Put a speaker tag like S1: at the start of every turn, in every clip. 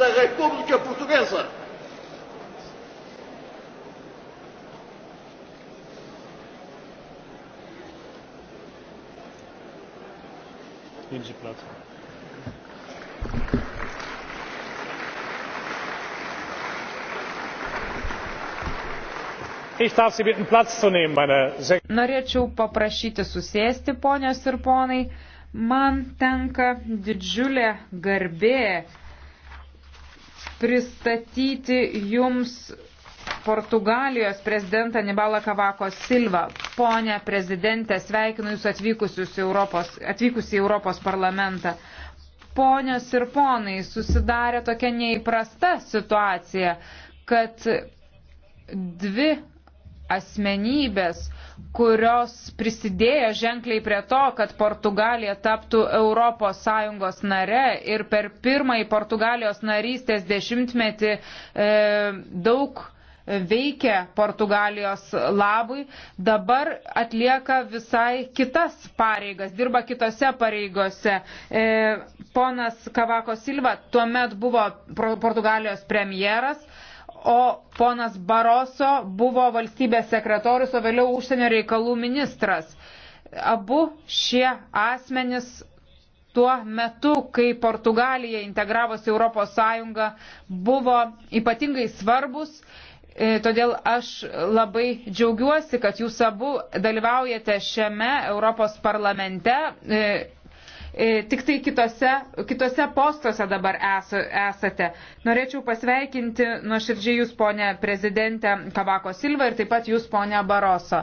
S1: da República Portuguesa. Nehmen Sie Platz.
S2: Norėčiau paprašyti susėsti, ponios ir ponai. Man tenka didžiulė garbė pristatyti jums Portugalijos prezidentą Nibalą Kavako Silvą. Pone prezidentė, sveikinu Jūs atvykusius Europos, atvykus į Europos parlamentą. Ponios ir ponai, susidarė tokia neįprasta situacija, kad dvi asmenybės, kurios prisidėjo ženkliai prie to, kad Portugalija taptų ES nare ir per pirmąjį Portugalijos narystės dešimtmetį e, daug veikia Portugalijos labui, dabar atlieka visai kitas pareigas, dirba kitose pareigose. E, ponas Kavako Silva tuomet buvo Portugalijos premjeras, o ponas Baroso buvo valstybės sekretorius, o vėliau užsienio reikalų ministras. Abu šie asmenys tuo metu, kai Portugalija integravosi Europos Sąjungą, buvo ypatingai svarbus. E, todėl aš labai džiaugiuosi, kad jūs abu dalyvaujate šiame Europos parlamente e, E, tik tai kitose, kitose postuose dabar esate. Norėčiau pasveikinti nuoširdžiai jūs, ponė prezidentė Kavako Silva ir taip pat jūs, ponė Baroso.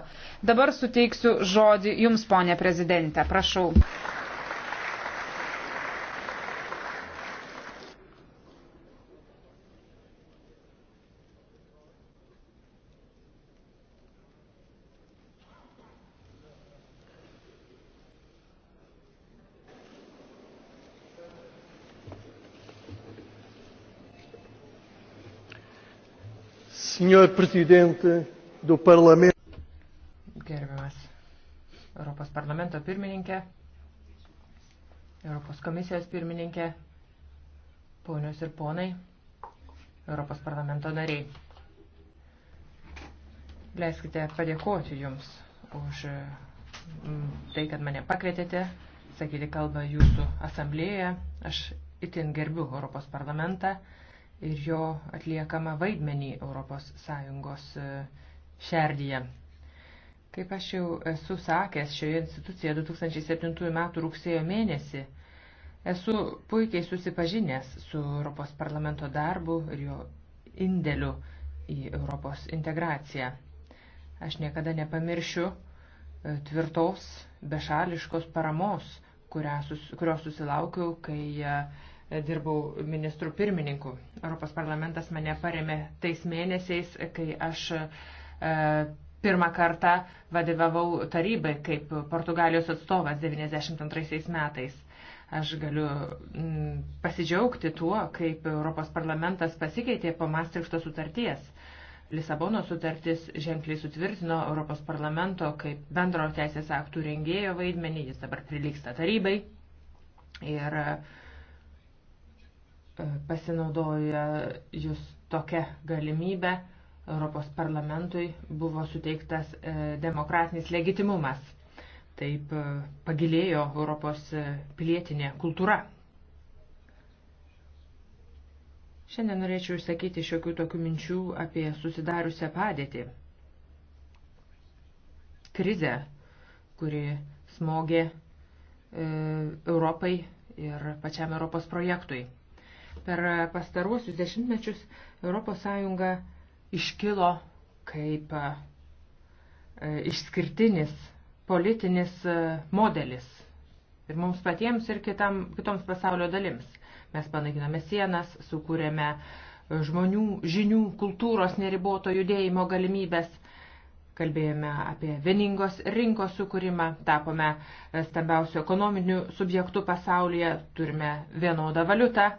S2: Dabar suteiksiu žodį jums, ponė prezidentė. Prašau.
S1: Senhor Presidente do Parlamento. Gerbiamas Europos parlamento pirmininkė, Europos komisijos pirmininkė, ponios ir ponai, Europos parlamento nariai. Leiskite padėkoti Jums už mm, tai, kad mane pakvietėte, sakyti kalbą Jūsų asamblėje. Aš itin gerbiu Europos parlamentą ir jo atliekamą vaidmenį ES e, šerdyje. Kaip aš jau esu sakęs šioje institucijoje 2007 m. rugsėjo mėnesį, esu puikiai susipažinęs su Europos parlamento darbu ir jo indėliu į Europos integraciją. Aš niekada nepamiršiu e, tvirtos, bešališkos paramos, kurios susilaukiau, kai e, dirbau ministrų pirmininku. Europos parlamentas mane paremė tais mėnesiais, kai aš e, pirmą kartą vadovavau tarybai kaip Portugalijos atstovas 92 metais. Aš galiu pasidžiaugti tuo, kaip Europos parlamentas pasikeitė po Maastrichto sutarties. Lisabono sutartis ženkliai sutvirtino Europos parlamento kaip bendro teisės aktų rengėjo vaidmenį, jis dabar prilyksta tarybai. Ir uh, E, pasinaudoja jūs tokia galimybė. Europos parlamentui buvo suteiktas e, demokratinis legitimumas. Taip e, pagilėjo Europos pilietinė kultūra. Šiandien norėčiau išsakyti šiokių tokių minčių apie susidariusią padėtį. Krizę, kuri smogė e, Europai ir pačiam Europos projektui. Per pastaruosius dešimtmečius ES iškilo kaip e, išskirtinis politinis e, modelis ir mums patiems ir kitam, kitoms pasaulio dalims. Mes panaikinome sienas, sukūrėme e, žmonių, žinių, kultūros neriboto judėjimo galimybės, kalbėjome apie vieningos rinkos sukūrimą, tapome stambiausių ekonominių subjektų pasaulyje, turime vienodą valiutą,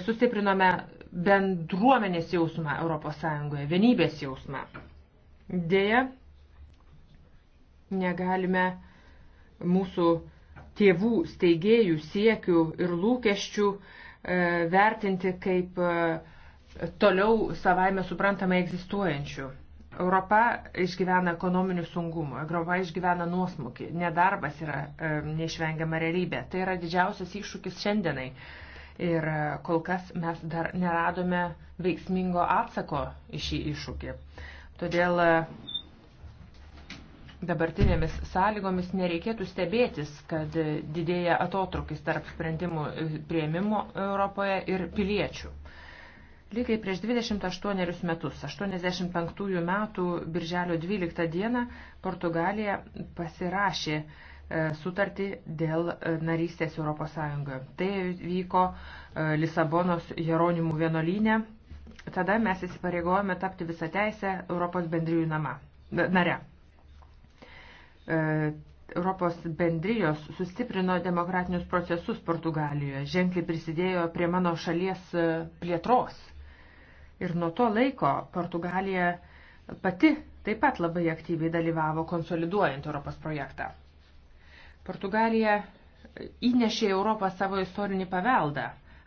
S1: sustiprinome bendruomenės jausmą Europos Sąjungoje, vienybės jausmą. Dėja, negalime mūsų tėvų steigėjų siekių ir lūkesčių e, vertinti kaip e, toliau savaime suprantamai egzistuojančių. Europa išgyvena ekonominių sungumų, Europa išgyvena nuosmukį, nedarbas yra e, neišvengiama realybė. Tai yra didžiausias iššūkis šiandienai. E, Ir e, kol kas mes dar neradome veiksmingo atsako į šį iššūkį. Todėl e, dabartinėmis sąlygomis nereikėtų stebėtis, kad didėja atotrukis tarp sprendimų prieimimo Europoje ir piliečių. Lygiai prieš 28 metus, 85 metų birželio 12 dieną, Portugalija pasirašė E, sutartį dėl e, narystės ES. Tai vyko e, Lisabonos Jeronimų vienolyne. Tada mes įsipareigojome tapti visą teisę Europos bendrijų nama, nare. Europos bendrijos sustiprino demokratinius procesus Portugalijoje, ženkliai prisidėjo prie mano šalies plėtros. Ir nuo to laiko Portugalija pati taip pat labai aktyviai dalyvavo konsoliduojant Europos projektą. Portugalija įnešė į Europą savo istorinį paveldą,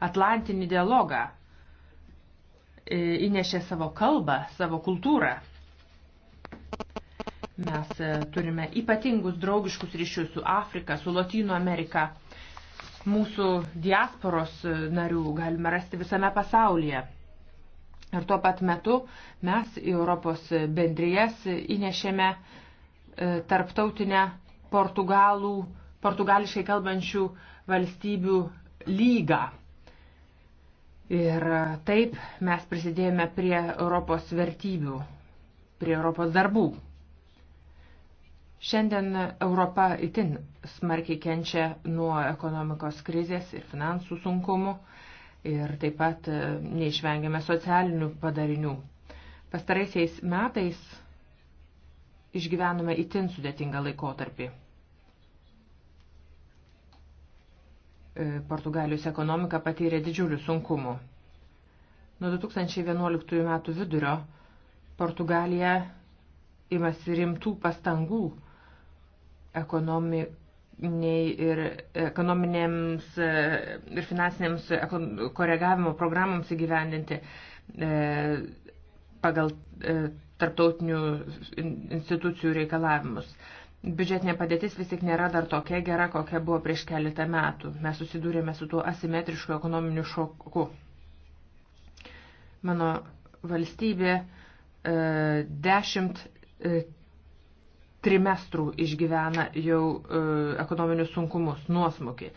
S1: atlantinį dialogą, e, įnešė savo kalbą, savo kultūrą. Mes e, turime ypatingus draugiškus ryšius su Afrika, su Latino Amerika. Mūsų diasporos e, narių galime rasti visame pasaulyje. Ir tuo pat metu mes į Europos bendrijas įnešėme tarptautinę portugalų, portugališkai kalbančių valstybių lygą. Ir taip mes prisidėjome prie Europos vertybių, prie Europos darbų. Šiandien Europa itin smarkiai kenčia nuo ekonomikos krizės ir finansų sunkumų ir taip pat e, neišvengiame socialinių padarinių. Pastaraisiais metais išgyvenome itin sudėtingą laikotarpį. E, Portugalijos ekonomika patyrė didžiulių sunkumų. Nuo 2011 metų vidurio Portugalija imasi rimtų pastangų ekonominiai ir ekonominėms e, ir finansinėms koregavimo programoms įgyvendinti e, pagal tarptautinių institucijų reikalavimus. Biudžetinė padėtis vis tik nėra dar tokia gera, kokia buvo prieš keletą metų. Mes susidūrėme su tuo asimetrišku ekonominiu šoku. Mano valstybė e, dešimt e, trimestrų išgyvena jau e, ekonominius sunkumus, nuosmukį.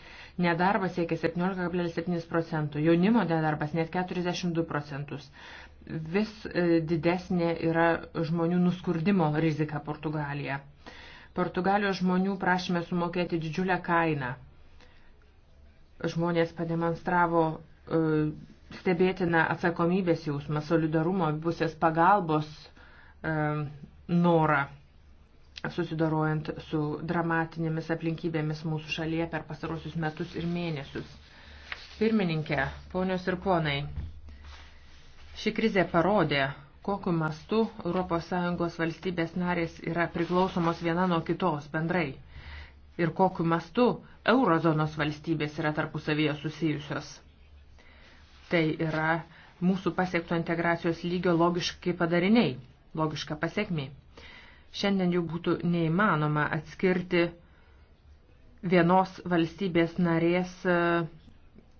S1: Nedarbas siekia 17,7 procentų, jaunimo nedarbas net 42 procentus. Vis e, didesnė yra žmonių nuskurdimo rizika Portugalija. Portugalijos žmonių prašymė sumokėti didžiulę kainą. Žmonės pademonstravo e, stebėtina atsakomybės jausmą, solidarumo, abipusės pagalbos e, norą susidorojant su dramatinėmis aplinkybėmis mūsų šalyje per pasarosius metus ir mėnesius. Pirmininkė, ponios ir ponai, ši krizė parodė, kokiu mastu ES valstybės narės yra priklausomos viena nuo kitos bendrai ir kokiu mastu eurozonos valstybės yra tarpusavyje susijusios. Tai yra mūsų pasiekto integracijos lygio logiški padariniai, logiška pasiekmė. Šiandien jau būtų neįmanoma atskirti vienos valstybės narės uh,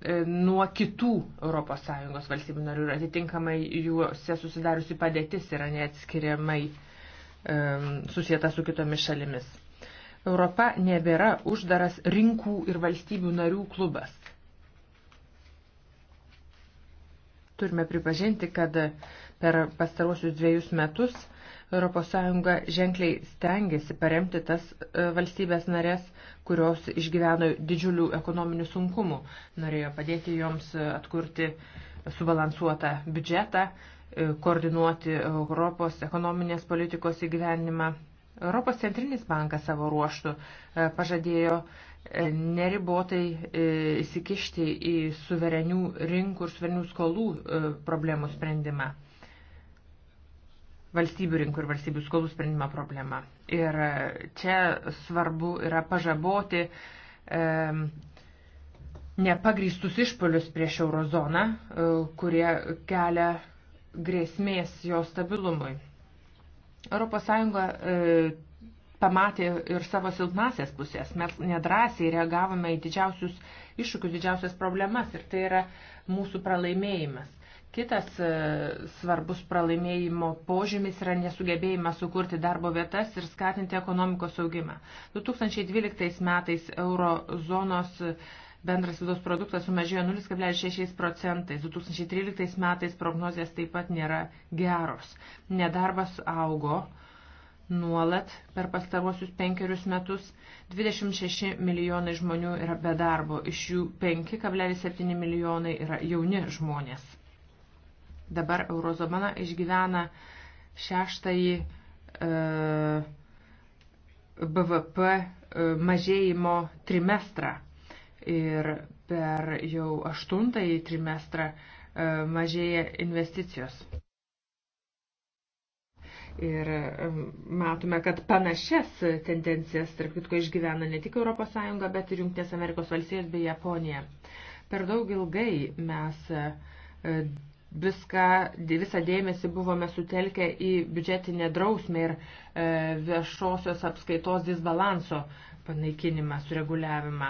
S1: E, nuo kitų ES valstybių narių ir atitinkamai juose susidariusi padėtis yra neatskiriamai e, susijęta su kitomis šalimis. Europa nebėra uždaras rinkų ir valstybių narių klubas. Turime pripažinti, kad per pastaruosius dviejus metus ES ženkliai stengiasi paremti tas e, valstybės narės, kurios išgyveno didžiulių ekonominių sunkumų. Norėjo padėti joms e, atkurti subalansuotą biudžetą, e, koordinuoti Europos ekonominės politikos įgyvenimą. Europos centrinis bankas savo ruoštų pažadėjo neribotai įsikišti į suverenių rinkų ir suverenių skolų problemų sprendimą valstybių rinkų ir valstybių skolų sprendimo problema. Ir e, čia svarbu yra pažaboti e, nepagrįstus išpolius prieš eurozoną, e, kurie kelia grėsmės jo stabilumui. ES e, pamatė ir savo silpnasias pusės. Mes nedrasiai reagavome į didžiausius iššūkius, didžiausias problemas ir tai yra mūsų pralaimėjimas. Kitas e, svarbus pralaimėjimo požymis yra nesugebėjimas sukurti darbo vietas ir skatinti ekonomikos augimą. 2012 metais eurozonos bendras vidaus produktas sumažėjo 0,6 procentais. 2013 metais prognozijas taip pat nėra geros. Nedarbas augo nuolat per pastaruosius penkerius metus 26 milijonai žmonių yra be darbo, iš jų 5,7 milijonai yra jauni žmonės. Dabar eurozona išgyvena šeštąjį e, BVP e, mažėjimo trimestrą. Ir per jau aštuntąjį trimestrą e, mažėja investicijos. Ir e, matome, kad panašias tendencijas, tarp kitko, išgyvena ne tik ES, bet ir Junktinės Amerikos valstijos bei Japonija. Per daug ilgai mes viską, visą dėmesį buvome sutelkę į biudžetinę drausmę ir e, viešosios apskaitos disbalanso panaikinimą, sureguliavimą.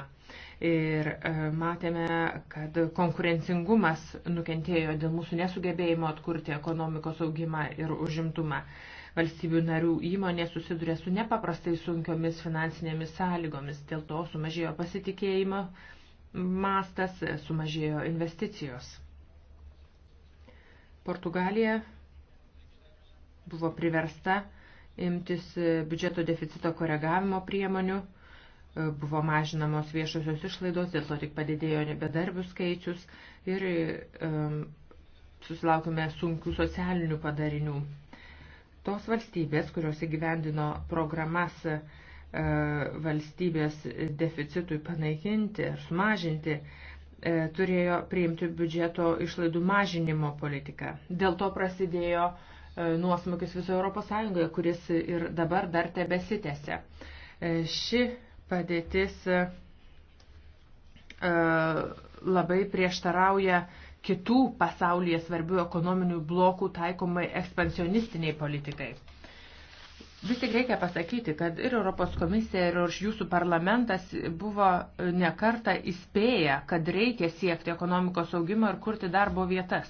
S1: Ir e, matėme, kad konkurencingumas nukentėjo dėl mūsų nesugebėjimo atkurti ekonomikos augimą ir užimtumą. Valstybių narių įmonė susiduria su nepaprastai sunkiomis finansinėmis sąlygomis, dėl to sumažėjo pasitikėjimo mastas, sumažėjo investicijos. Portugalija buvo priversta imtis biudžeto deficito koregavimo priemonių, buvo mažinamos viešosios išlaidos, dėl to tik padidėjo bedarbių skaičius ir um, susilaukime sunkių socialinių padarinių. Tos valstybės, kurios įgyvendino programas uh, valstybės deficitui panaikinti ar sumažinti, uh, E, turėjo priimti biudžeto išlaidų mažinimo politiką. Dėl to prasidėjo e, nuosmukis viso Europos Sąjungoje, kuris ir dabar dar tebesitėse. E, ši padėtis labai prieštarauja kitų pasaulyje svarbių ekonominių blokų taikomai ekspansionistiniai politikai. Vis tik reikia pasakyti, kad ir Europos komisija, ir jūsų parlamentas buvo e, nekarta įspėję, kad reikia siekti ekonomikos augimo ir kurti darbo vietas.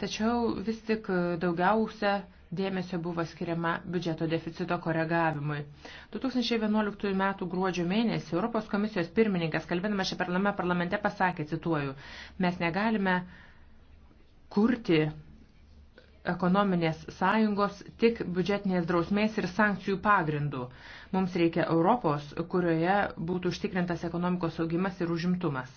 S1: Tačiau vis tik e, daugiausia dėmesio buvo skiriama biudžeto deficito koregavimui. 2011 m. gruodžio mėnesį Europos komisijos pirmininkas, kalbėdamas šią parlame, parlamente pasakė, cituoju, mes negalime kurti ekonominės sąjungos tik biudžetinės drausmės ir sankcijų pagrindų. Mums reikia Europos, kurioje būtų užtikrintas ekonomikos augimas ir užimtumas.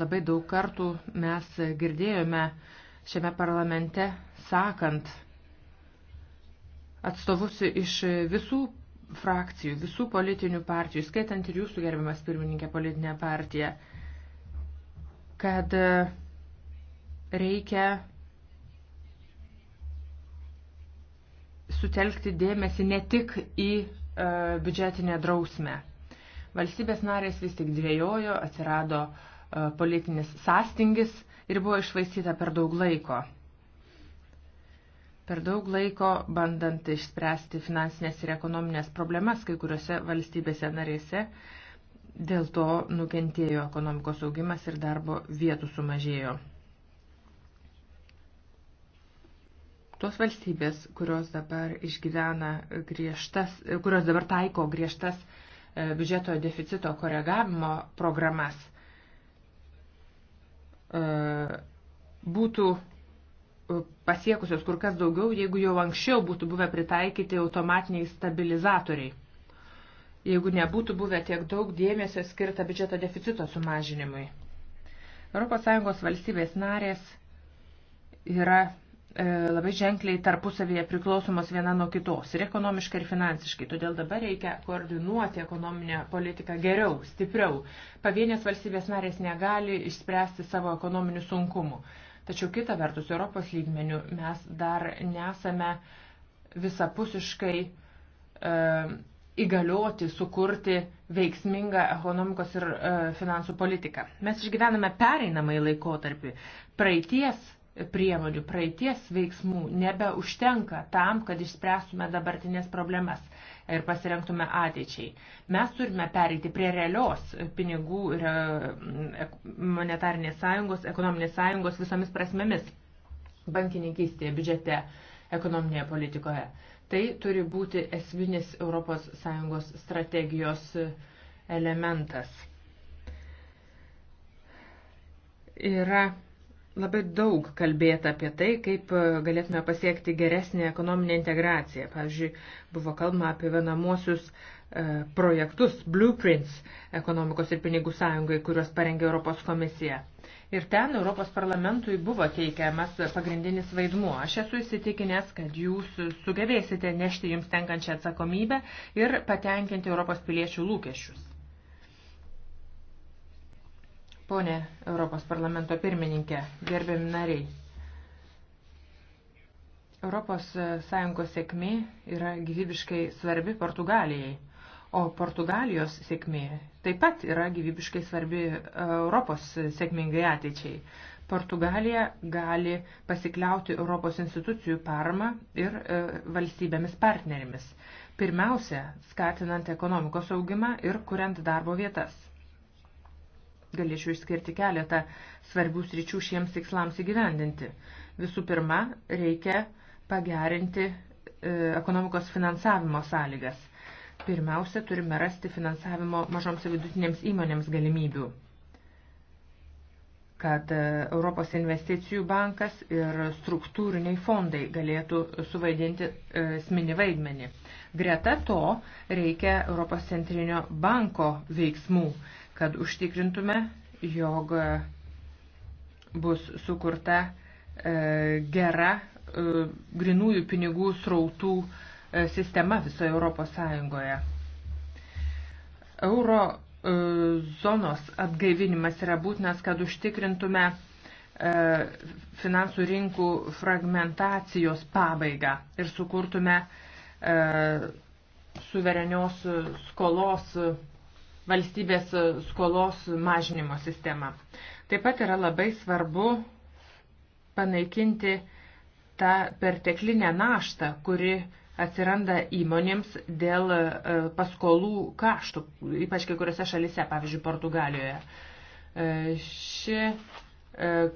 S1: Labai daug kartų mes girdėjome šiame parlamente sakant atstovus iš visų frakcijų, visų politinių partijų, skaitant ir jūsų gerbiamas pirmininkė politinė partija, kad reikia sutelkti dėmesį ne tik į e, biudžetinę drausmę. Valstybės narės vis tik dvėjojo, atsirado e, politinis sąstingis ir buvo išvaistyta per daug laiko. Per daug laiko bandant išspręsti finansinės ir ekonominės problemas kai kuriuose valstybėse narėse, dėl to nukentėjo ekonomikos augimas ir darbo vietų sumažėjo. Tos valstybės, kurios dabar išgyvena griežtas, kurios dabar taiko griežtas e, biudžeto deficito koregavimo programas, e, būtų e, pasiekusios kur kas daugiau, jeigu jau anksčiau būtų buvę pritaikyti automatiniai stabilizatoriai. Jeigu nebūtų buvę tiek daug dėmesio skirta biudžeto deficito sumažinimui. ES valstybės narės yra E, labai ženkliai tarpusavėje priklausomos viena nuo kitos ir ekonomiškai ir finansiškai. Todėl dabar reikia koordinuoti ekonominę politiką geriau, stipriau. Pavienės valstybės narės negali išspręsti savo ekonominių sunkumų. Tačiau kita vertus, Europos lygmenių mes dar nesame visapusiškai e, įgalioti sukurti veiksmingą ekonomikos ir e, finansų politiką. Mes išgyvename pereinamąjį laikotarpį. Praeities priemonių, praeities veiksmų nebeužtenka tam, kad išspręstume dabartinės problemas ir pasirenktume ateičiai. Mes turime pereiti prie realios pinigų ir monetarinės sąjungos, ekonominės sąjungos visomis prasmėmis - bankininkystėje, biudžete, ekonominėje politikoje. Tai turi būti esminis ES strategijos elementas. Yra Labai daug kalbėta apie tai, kaip e, galėtume pasiekti geresnį ekonominę integraciją. Pavyzdžiui, buvo kalbama apie vienamuosius e, projektus, blueprints ekonomikos ir pinigų sąjungai, kuriuos parengė Europos komisija. Ir ten Europos parlamentui buvo teikiamas pagrindinis vaidmuo. Aš esu įsitikinęs, kad jūs sugebėsite nešti jums tenkančią atsakomybę ir patenkinti Europos piliečių lūkesčius. Pone Europos parlamento pirmininkė, gerbiami nariai. Europos Sąjungos sėkmė yra gyvybiškai svarbi Portugalijai, o Portugalijos sėkmė taip pat yra gyvybiškai svarbi e, Europos sėkmingai ateičiai. Portugalija gali pasikliauti Europos institucijų parama ir e, valstybėmis partnerimis. Pirmiausia, skatinant ekonomikos augimą ir kuriant darbo vietas. Galėčiau išskirti keletą svarbių sričių šiems tikslams įgyvendinti. Visų pirma, reikia pagerinti e, ekonomikos finansavimo sąlygas. Pirmiausia, turime rasti finansavimo mažoms ir vidutinėms įmonėms galimybių kad e, Europos investicijų bankas ir struktūriniai fondai galėtų suvaidinti e, esminį vaidmenį. Greta to reikia Europos centrinio banko veiksmų, kad užtikrintume, jog bus sukurta e, gera e, grinųjų pinigų srautų e, sistema visoje Europos Sąjungoje. Euro zonos atgaivinimas yra būtinas, kad užtikrintume finansų rinkų fragmentacijos pabaigą ir sukurtume suverenios skolos valstybės skolos mažinimo sistemą. Taip pat yra labai svarbu panaikinti tą perteklinę naštą, kuri atsiranda įmonėms dėl e, paskolų kaštų, ypač kai kuriuose šalise, pavyzdžiui, Portugalijoje. E, ši e,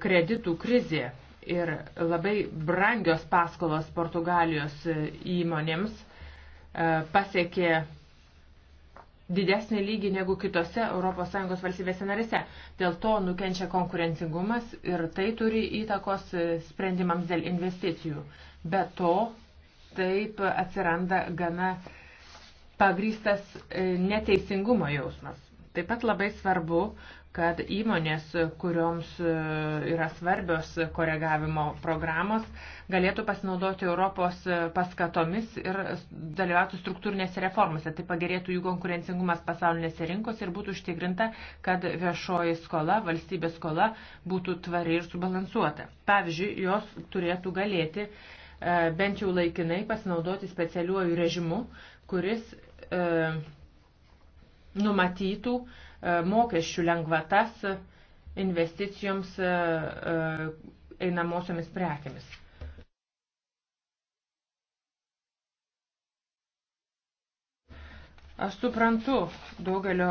S1: kreditų krizė ir labai brangios paskolos Portugalijos įmonėms pasiekė didesnį lygį negu kitose ES valstybėse narise. Dėl to nukenčia konkurencingumas ir tai turi įtakos sprendimams dėl investicijų. Be to, taip atsiranda gana pagrystas e, neteisingumo jausmas. Taip pat labai svarbu kad įmonės, kurioms e, yra svarbios koregavimo programos, galėtų pasinaudoti Europos e, paskatomis ir dalyvauti struktūrinėse reformose. Tai pagerėtų jų konkurencingumas pasaulinėse rinkose ir būtų užtikrinta, kad viešoji skola, valstybės skola būtų tvari ir subalansuota. Pavyzdžiui, jos turėtų galėti e, bent jau laikinai pasinaudoti specialiuoju režimu, kuris e, numatytų e, E, mokesčių lengvatas investicijoms e, e, einamosiomis prekėmis. Aš suprantu daugelio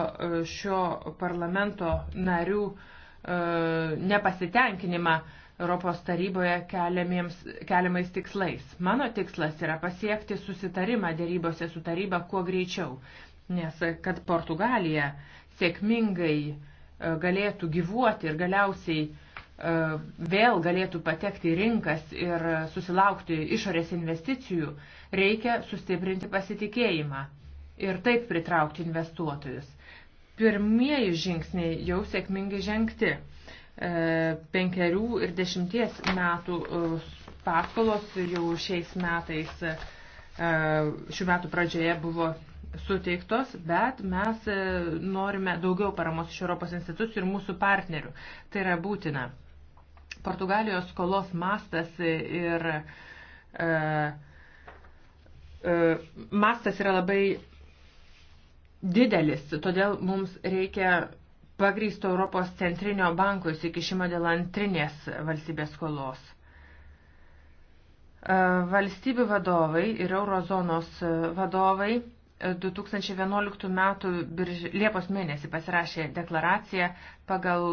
S1: šio parlamento narių nepasitenkinimą Europos taryboje keliamais tikslais. Mano tikslas yra pasiekti susitarimą dėrybose su taryba kuo greičiau, nes kad Portugalija sėkmingai e, galėtų gyvuoti ir galiausiai e, vėl galėtų patekti į rinkas ir susilaukti išorės investicijų, reikia sustiprinti pasitikėjimą ir taip pritraukti investuotojus. Pirmieji žingsniai jau sėkmingai žengti. E, penkerių ir dešimties metų paskolos jau šiais metais, šių metų pradžioje buvo suteiktos, bet mes e, norime daugiau paramos iš Europos institucijų ir mūsų partnerių. Tai yra būtina. Portugalijos skolos mastas e, ir e, e, mastas yra labai didelis, todėl mums reikia pagrysto Europos centrinio banko įsikišimo dėl antrinės valstybės skolos. E, valstybių vadovai ir eurozonos vadovai 2011 m. Birž... Liepos mėnesį pasirašė deklaraciją, pagal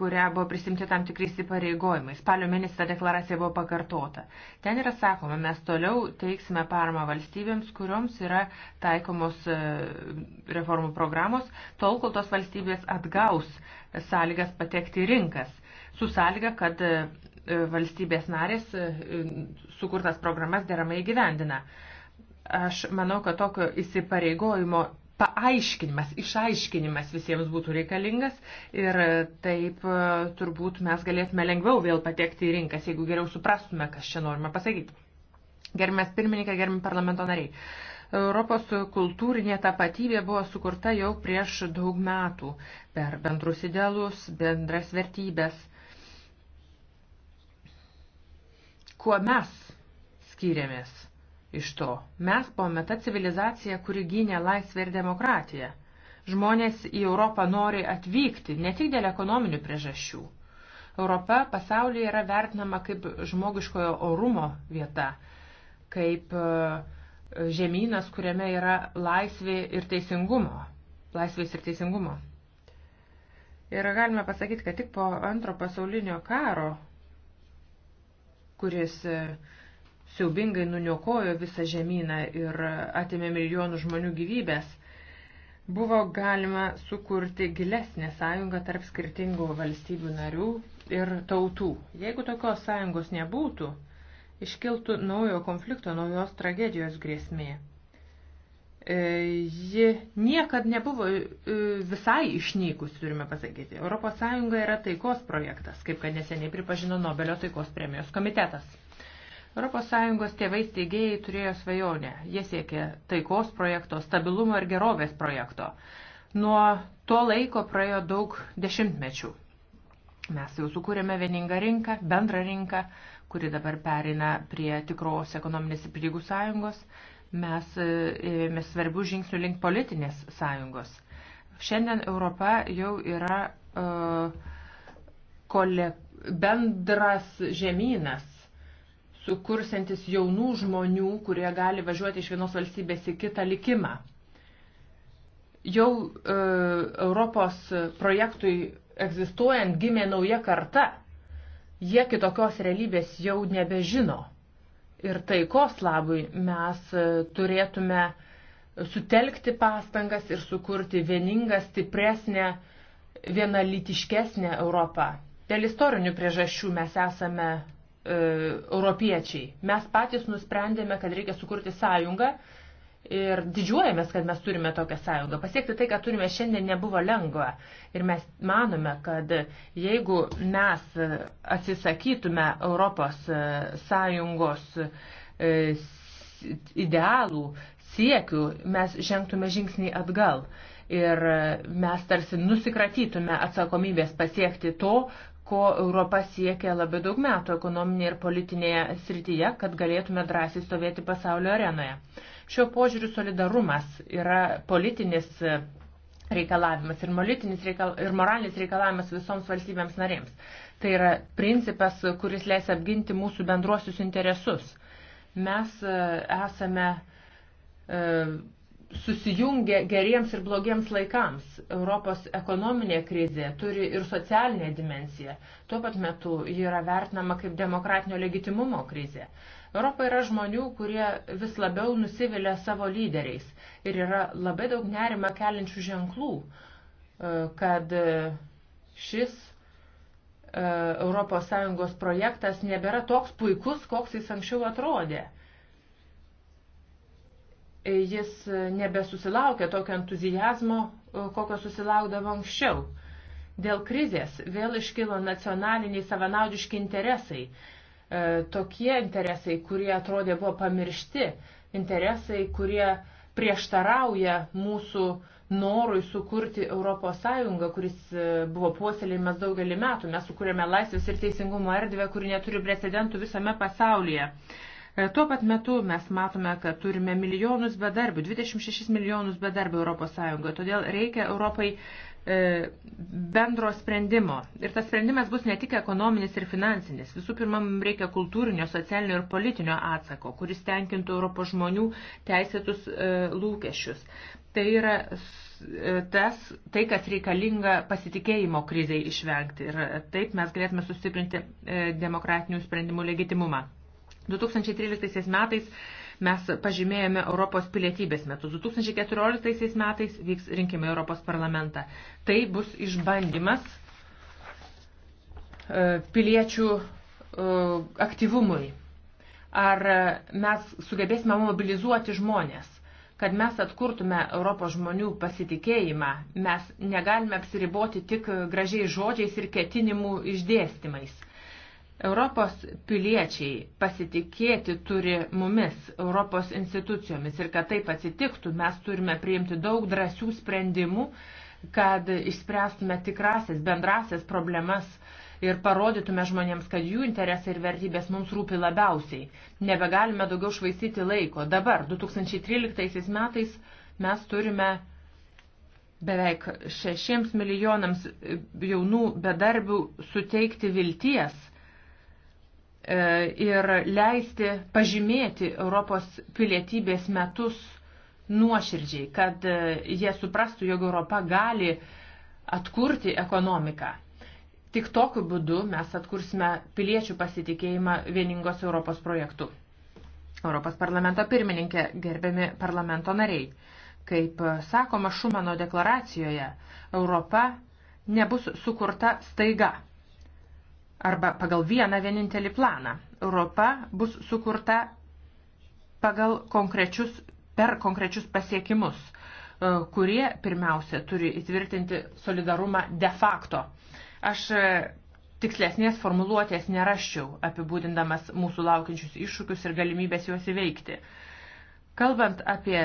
S1: kurią buvo prisimti tam tikrai įsipareigojimai. Spalio mėnesį ta deklaracija buvo pakartota. Ten yra sakoma, mes toliau teiksime paramą valstybėms, kurioms yra taikomos e, reformų programos, tol kol tos valstybės atgaus sąlygas patekti į rinkas. Su sąlyga, kad e, valstybės narės e, sukurtas programas deramai gyvendina. Aš manau, kad tokio įsipareigojimo paaiškinimas, išaiškinimas visiems būtų reikalingas ir taip e, turbūt mes galėtume lengviau vėl patekti į rinkas, jeigu geriau suprastume, kas čia norime pasakyti. Gerbimės pirmininkai, gerbim parlamento nariai. Europos kultūrinė tapatybė buvo sukurta jau prieš daug metų per bendrus idealus, bendras vertybės. Kuo mes skiriamės? iš to. Mes buvome ta civilizacija, kuri gynė laisvę ir demokratiją. Žmonės į Europą nori atvykti ne tik dėl ekonominių priežasčių. Europa pasaulyje yra vertinama kaip žmogiškojo orumo vieta, kaip e, žemynas, kuriame yra laisvė ir teisingumo. Laisvės ir teisingumo. Ir galime pasakyti, kad tik po antro pasaulinio karo, kuris uh, siaubingai nuniokojo visą žemyną ir atėmė milijonų žmonių gyvybės, buvo galima sukurti gilesnę sąjungą tarp skirtingų valstybių narių ir tautų. Jeigu tokios sąjungos nebūtų, iškiltų naujo konflikto, naujos tragedijos grėsmė e, ji niekad nebuvo e, visai išnykusi, turime pasakyti. ES yra taikos projektas, kaip kad neseniai pripažino Nobelio taikos premijos komitetas. ES tėvai steigėjai turėjo svajonę. Jie siekė taikos projekto, stabilumo ir gerovės projekto. Nuo to laiko praėjo daug dešimtmečių. Mes jau sukūrėme vieningą rinką, bendrą rinką, kuri dabar perina prie tikros ekonominės ir pinigų sąjungos. Mes e, ėmėmės svarbių žingsnių link politinės sąjungos. Šiandien Europa jau yra uh, kole, bendras žemynas, sukursiantis jaunų žmonių, kurie gali važiuoti iš vienos valstybės į kitą likimą. Jau e, Europos projektui egzistuojant gimė nauja karta. Jie kitokios realybės jau nebežino. Ir taikos labui mes e, turėtume sutelkti pastangas ir sukurti vieningą, stipresnę, vienalytiškesnę Europą. Dėl istorinių priežasčių mes esame E, europiečiai. Mes patys nusprendėme, kad reikia sukurti sąjungą ir didžiuojamės, kad mes turime tokią sąjungą. Pasiekti tai, ką turime šiandien, nebuvo lengva. Ir mes manome, kad jeigu mes atsisakytume Europos e, sąjungos e, idealų, siekių, mes žengtume žingsnį atgal ir mes tarsi nusikratytume atsakomybės pasiekti to, ko Europa siekia labai daug metų ekonominėje ir politinėje srityje, kad galėtume drąsiai stovėti pasaulio arenoje. Šiuo požiūriu solidarumas yra politinis e, reikalavimas ir, reikal, ir moralinis reikalavimas visoms valstybėms narėms. Tai yra principas, kuris leis apginti mūsų bendruosius interesus. Mes e, esame e, susijungia geriems ir blogiems laikams. Europos ekonominė krizė turi ir socialinę dimensiją. Tuo pat metu ji yra vertinama kaip demokratinio legitimumo krizė. Europoje yra žmonių, kurie vis labiau nusivilia savo lyderiais ir yra labai daug nerima keliančių ženklų, e, kad e, šis ES projektas nebėra toks puikus, koks jis anksčiau atrodė jis nebesusilaukia tokio entuzijazmo, e, kokio susilaukdavo anksčiau. Dėl krizės vėl iškilo nacionaliniai savanaudiški interesai. E, tokie interesai, kurie atrodė buvo pamiršti, interesai, kurie prieštarauja mūsų norui sukurti ES, kuris e, buvo puoselėjimas daugelį metų. Mes sukūrėme laisvės ir teisingumo erdvę, kuri neturi precedentų visame pasaulyje. Uh, E, tuo pat metu mes matome, kad turime milijonus bedarbių, 26 milijonus bedarbių ES, todėl reikia Europai e, bendro sprendimo. Ir tas sprendimas bus ne tik ekonominis ir finansinis. Visų pirma, mums reikia kultūrinio, socialinio ir politinio atsako, kuris tenkintų Europos žmonių teisėtus e, lūkesčius. Tai yra e, tas, tai, kas reikalinga pasitikėjimo kriziai išvengti. Ir taip mes galėtume sustiprinti demokratinių sprendimų legitimumą. 2013 metais mes pažymėjome Europos pilietybės metus. 2014 metais vyks rinkimai Europos parlamentą. Tai bus išbandymas e, piliečių e, aktyvumui. Ar mes sugebėsime mobilizuoti žmonės? Kad mes atkurtume Europos žmonių pasitikėjimą, mes negalime apsiriboti tik gražiai žodžiais ir ketinimų išdėstymais Europos piliečiai pasitikėti turi mumis, Europos institucijomis ir kad taip atsitiktų, mes turime priimti daug drąsių sprendimų, kad išspręstume tikrasias bendrasias problemas ir parodytume žmonėms, kad jų interesai ir vertybės mums rūpi labiausiai. Nebegalime daugiau švaistyti laiko. Dabar, 2013 metais, mes turime beveik šešiems milijonams jaunų bedarbių suteikti vilties – E, ir leisti pažymėti Europos pilietybės metus nuoširdžiai, kad e, jie suprastų, jog Europa gali atkurti ekonomiką. Tik tokiu būdu mes atkursime piliečių pasitikėjimą vieningos Europos projektu. Europos parlamento pirmininkė, gerbiami parlamento nariai, kaip sakoma Šumano deklaracijoje, Europa nebus sukurta staiga arba pagal vieną vienintelį planą. Europa bus sukurta pagal konkrečius, per konkrečius pasiekimus, e, kurie pirmiausia turi įtvirtinti solidarumą de facto. Aš e, tikslesnės formuluotės neraščiau, apibūdindamas mūsų laukiančius iššūkius ir galimybės juos įveikti. Kalbant apie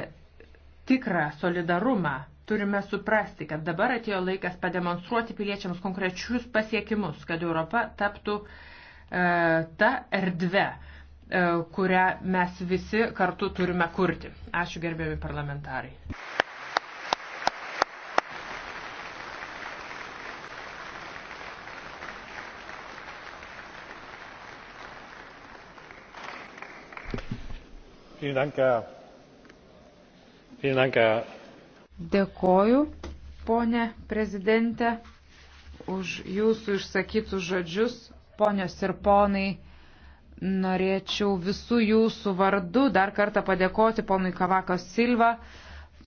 S1: tikrą solidarumą, turime suprasti, kad dabar atėjo laikas pademonstruoti piliečiams konkrečius pasiekimus, kad Europa taptų e, ta erdve, e, kurią mes visi kartu turime kurti. Ačiū gerbiami parlamentarai. Vielen Dank,
S2: Herr, vielen Dank, Herr Dėkoju, ponė prezidentė, už jūsų išsakytus žodžius. Ponios ir ponai, norėčiau visų jūsų vardu dar kartą padėkoti ponui Kavakas Silva.